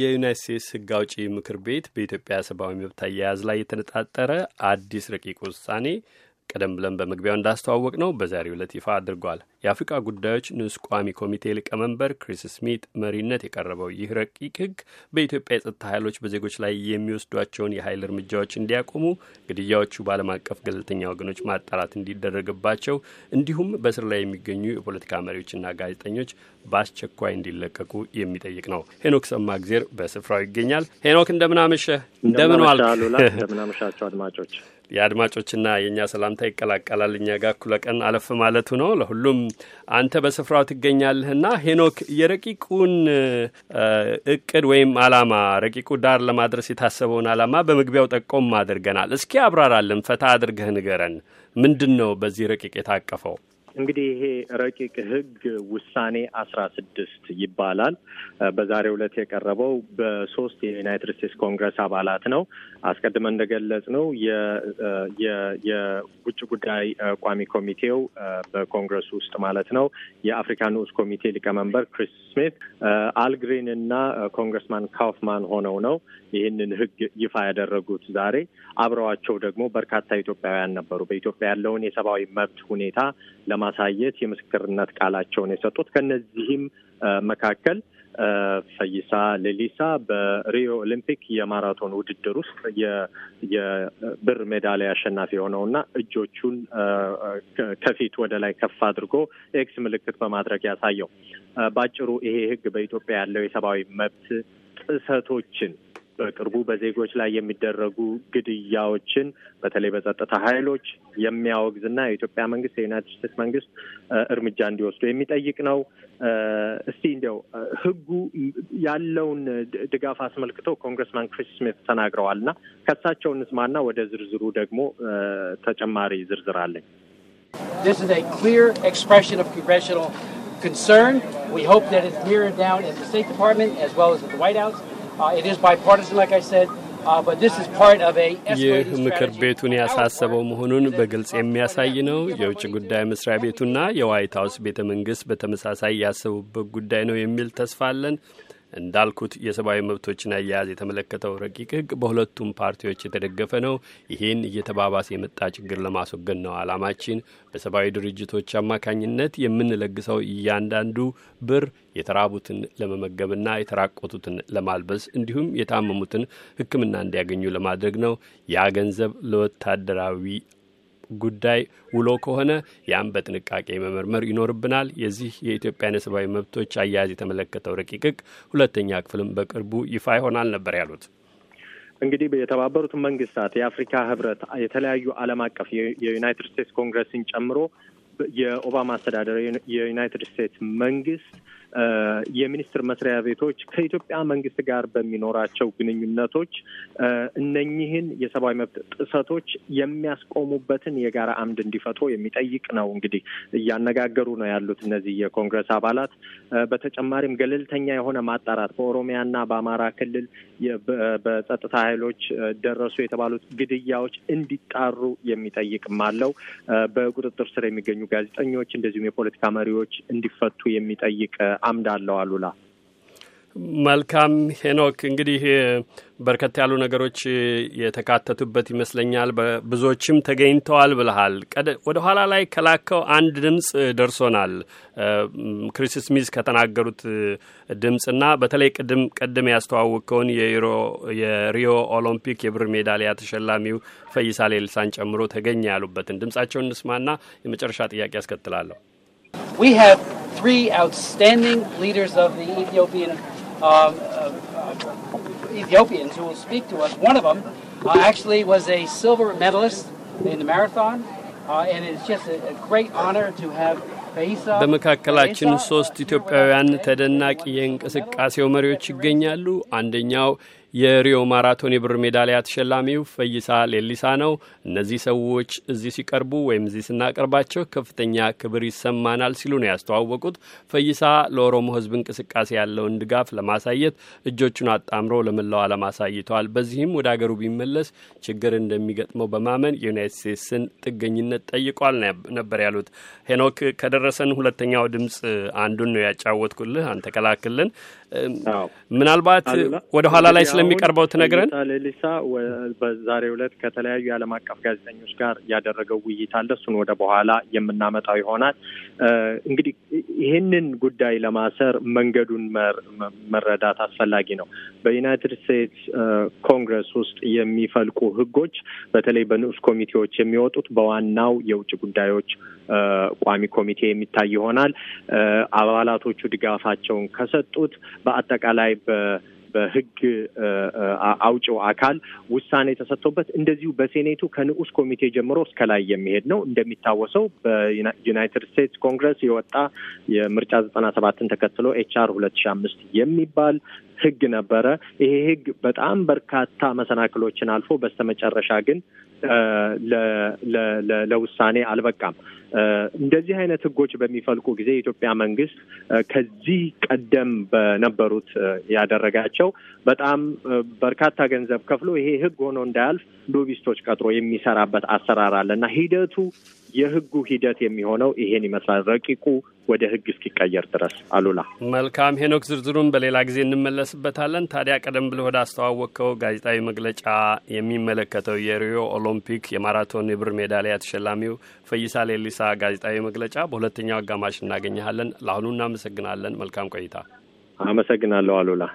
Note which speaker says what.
Speaker 1: የዩናይት ስቴትስ ሕግ አውጪ ምክር ቤት በኢትዮጵያ ሰብአዊ መብት አያያዝ ላይ የተነጣጠረ አዲስ ረቂቅ ውሳኔ ቀደም ብለን በመግቢያው እንዳስተዋወቅ ነው በዛሬው ዕለት ይፋ አድርጓል። የአፍሪቃ ጉዳዮች ንዑስ ቋሚ ኮሚቴ ሊቀመንበር ክሪስ ስሚት መሪነት የቀረበው ይህ ረቂቅ ሕግ በኢትዮጵያ የጸጥታ ኃይሎች በዜጎች ላይ የሚወስዷቸውን የኃይል እርምጃዎች እንዲያቆሙ፣ ግድያዎቹ በዓለም አቀፍ ገለልተኛ ወገኖች ማጣራት እንዲደረግባቸው፣ እንዲሁም በእስር ላይ የሚገኙ የፖለቲካ መሪዎችና ጋዜጠኞች በአስቸኳይ እንዲለቀቁ የሚጠይቅ ነው። ሄኖክ ጊዜር በስፍራው ይገኛል። ሄኖክ እንደምናመሸ እንደምን እንደምናመሻቸው አድማጮች የአድማጮችና የእኛ ሰላምታ ይቀላቀላል። እኛ ጋር እኩለ ቀን አለፍ ማለቱ ነው። ለሁሉም አንተ በስፍራው ትገኛለህና ሄኖክ የረቂቁን እቅድ ወይም አላማ ረቂቁ ዳር ለማድረስ የታሰበውን አላማ በመግቢያው ጠቆም አድርገናል። እስኪ አብራራልን፣ ፈታ አድርገህ ንገረን። ምንድን ነው በዚህ ረቂቅ የታቀፈው?
Speaker 2: እንግዲህ ይሄ ረቂቅ ህግ ውሳኔ አስራ ስድስት ይባላል። በዛሬው ዕለት የቀረበው በሶስት የዩናይትድ ስቴትስ ኮንግረስ አባላት ነው። አስቀድመን እንደገለጽ ነው የውጭ ጉዳይ ቋሚ ኮሚቴው በኮንግረስ ውስጥ ማለት ነው የአፍሪካ ንዑስ ኮሚቴ ሊቀመንበር ክሪስ ስሚት አልግሪን እና ኮንግረስማን ካውፍማን ሆነው ነው ይህንን ህግ ይፋ ያደረጉት ዛሬ። አብረዋቸው ደግሞ በርካታ ኢትዮጵያውያን ነበሩ። በኢትዮጵያ ያለውን የሰብአዊ መብት ሁኔታ ለማ ለማሳየት የምስክርነት ቃላቸውን የሰጡት ከነዚህም መካከል ፈይሳ ሌሊሳ በሪዮ ኦሊምፒክ የማራቶን ውድድር ውስጥ የብር ሜዳሊያ አሸናፊ የሆነውና እጆቹን ከፊት ወደ ላይ ከፍ አድርጎ ኤክስ ምልክት በማድረግ ያሳየው። በአጭሩ ይሄ ሕግ በኢትዮጵያ ያለው የሰብአዊ መብት ጥሰቶችን በቅርቡ በዜጎች ላይ የሚደረጉ ግድያዎችን በተለይ በጸጥታ ኃይሎች የሚያወግዝና የኢትዮጵያ መንግስት የዩናይትድ ስቴትስ መንግስት እርምጃ እንዲወስዱ የሚጠይቅ ነው። እስቲ እንዲያው ህጉ ያለውን ድጋፍ አስመልክቶ ኮንግረስማን ክሪስ ስሚት ተናግረዋል እና ከሳቸው እንስማና ወደ ዝርዝሩ ደግሞ ተጨማሪ ዝርዝር አለኝ።
Speaker 1: This is a clear expression of congressional concern. We hope that it's mirrored down at the State Department as well as at the White House. Uh, uh, ይህ ምክር ቤቱን ያሳሰበው መሆኑን በግልጽ የሚያሳይ ነው። የውጭ ጉዳይ መስሪያ ቤቱና የዋይት ሀውስ ቤተ መንግስት በተመሳሳይ ያሰቡበት ጉዳይ ነው የሚል ተስፋ አለን። እንዳልኩት የሰብአዊ መብቶችን አያያዝ የተመለከተው ረቂቅ ህግ በሁለቱም ፓርቲዎች የተደገፈ ነው። ይህን እየተባባሰ የመጣ ችግር ለማስወገድ ነው አላማችን በሰብአዊ ድርጅቶች አማካኝነት የምንለግሰው እያንዳንዱ ብር የተራቡትን ለመመገብና የተራቆቱትን ለማልበስ እንዲሁም የታመሙትን ሕክምና እንዲያገኙ ለማድረግ ነው። ያ ገንዘብ ለወታደራዊ ጉዳይ ውሎ ከሆነ ያም በጥንቃቄ መመርመር ይኖርብናል። የዚህ የኢትዮጵያን የሰብአዊ መብቶች አያያዝ የተመለከተው ረቂቅ ሁለተኛ ክፍልም በቅርቡ ይፋ ይሆናል ነበር ያሉት።
Speaker 2: እንግዲህ የተባበሩት መንግስታት፣ የአፍሪካ ህብረት፣ የተለያዩ ዓለም አቀፍ የዩናይትድ ስቴትስ ኮንግረስን ጨምሮ የኦባማ አስተዳደር የዩናይትድ ስቴትስ መንግስት የሚኒስትር መስሪያ ቤቶች ከኢትዮጵያ መንግስት ጋር በሚኖራቸው ግንኙነቶች እነኚህን የሰብአዊ መብት ጥሰቶች የሚያስቆሙበትን የጋራ አምድ እንዲፈጥሩ የሚጠይቅ ነው። እንግዲህ እያነጋገሩ ነው ያሉት እነዚህ የኮንግረስ አባላት። በተጨማሪም ገለልተኛ የሆነ ማጣራት በኦሮሚያና በአማራ ክልል በጸጥታ ኃይሎች ደረሱ የተባሉት ግድያዎች እንዲጣሩ የሚጠይቅም አለው። በቁጥጥር ስር የሚገኙ ጋዜጠኞች እንደዚሁም የፖለቲካ መሪዎች እንዲፈቱ የሚጠይቅ አምድ አለው። አሉላ
Speaker 1: መልካም ሄኖክ፣ እንግዲህ በርከት ያሉ ነገሮች የተካተቱበት ይመስለኛል። ብዙዎችም ተገኝተዋል ብልሃል። ወደ ኋላ ላይ ከላከው አንድ ድምፅ ደርሶናል። ክሪስ ስሚዝ ከተናገሩት ድምፅና በተለይ ቅድም ቅድም ያስተዋወቀውን የሪዮ ኦሎምፒክ የብር ሜዳሊያ ተሸላሚው ፈይሳ ሌሊሳን ጨምሮ ተገኘ ያሉበትን ድምጻቸውን እንስማና የመጨረሻ ጥያቄ ያስከትላለሁ። three outstanding leaders of the Ethiopian um, uh, Ethiopians who will speak to us. One of them uh, actually was a silver medalist in the marathon, uh, and it's just a, a great honor to have በመካከላችን uh, ሶስት ኢትዮጵያውያን ተደናቂ የእንቅስቃሴው መሪዎች ይገኛሉ። አንደኛው የሪዮ ማራቶን የብር ሜዳሊያ ተሸላሚው ፈይሳ ሌሊሳ ነው። እነዚህ ሰዎች እዚህ ሲቀርቡ ወይም እዚህ ስናቀርባቸው ከፍተኛ ክብር ይሰማናል ሲሉ ነው ያስተዋወቁት። ፈይሳ ለኦሮሞ ሕዝብ እንቅስቃሴ ያለውን ድጋፍ ለማሳየት እጆቹን አጣምሮ ለመላው ዓለም አሳይተዋል። በዚህም ወደ አገሩ ቢመለስ ችግር እንደሚገጥመው በማመን የዩናይት ስቴትስን ጥገኝነት ጠይቋል ነበር ያሉት። ሄኖክ ከደረሰን ሁለተኛው ድምፅ አንዱን ነው ያጫወትኩልህ። አንተ ከላክልን ምናልባት ወደኋላ ላይ ስለ ስለሚቀርበው ትነግረን።
Speaker 2: ሌሊሳ በዛሬው ዕለት ከተለያዩ የዓለም አቀፍ ጋዜጠኞች ጋር ያደረገው ውይይት አለ። እሱን ወደ በኋላ የምናመጣው ይሆናል። እንግዲህ ይህንን ጉዳይ ለማሰር መንገዱን መረዳት አስፈላጊ ነው። በዩናይትድ ስቴትስ ኮንግረስ ውስጥ የሚፈልቁ ህጎች በተለይ በንዑስ ኮሚቴዎች የሚወጡት በዋናው የውጭ ጉዳዮች ቋሚ ኮሚቴ የሚታይ ይሆናል። አባላቶቹ ድጋፋቸውን ከሰጡት በአጠቃላይ በ በህግ አውጪው አካል ውሳኔ ተሰጥቶበት እንደዚሁ በሴኔቱ ከንዑስ ኮሚቴ ጀምሮ እስከ ላይ የሚሄድ ነው። እንደሚታወሰው በዩናይትድ ስቴትስ ኮንግረስ የወጣ የምርጫ ዘጠና ሰባትን ተከትሎ ኤችአር ሁለት ሺ አምስት የሚባል ህግ ነበረ። ይሄ ህግ በጣም በርካታ መሰናክሎችን አልፎ በስተመጨረሻ ግን ለውሳኔ አልበቃም። እንደዚህ አይነት ህጎች በሚፈልቁ ጊዜ የኢትዮጵያ መንግስት ከዚህ ቀደም በነበሩት ያደረጋቸው በጣም በርካታ ገንዘብ ከፍሎ ይሄ ህግ ሆኖ እንዳያልፍ ሎቢስቶች ቀጥሮ የሚሰራበት አሰራር አለ እና ሂደቱ የህጉ ሂደት የሚሆነው ይሄን ይመስላል ረቂቁ ወደ ህግ እስኪቀየር ድረስ። አሉላ
Speaker 1: መልካም ሄኖክ፣ ዝርዝሩን በሌላ ጊዜ እንመለስበታለን። ታዲያ ቀደም ብሎ ወደ አስተዋወቅከው ጋዜጣዊ መግለጫ የሚመለከተው የሪዮ ኦሎምፒክ የማራቶን የብር ሜዳሊያ ተሸላሚው ፈይሳ ሌሊሳ ጋዜጣዊ መግለጫ በሁለተኛው አጋማሽ እናገኘሃለን። ለአሁኑ እናመሰግናለን። መልካም ቆይታ።
Speaker 2: አመሰግናለሁ አሉላ።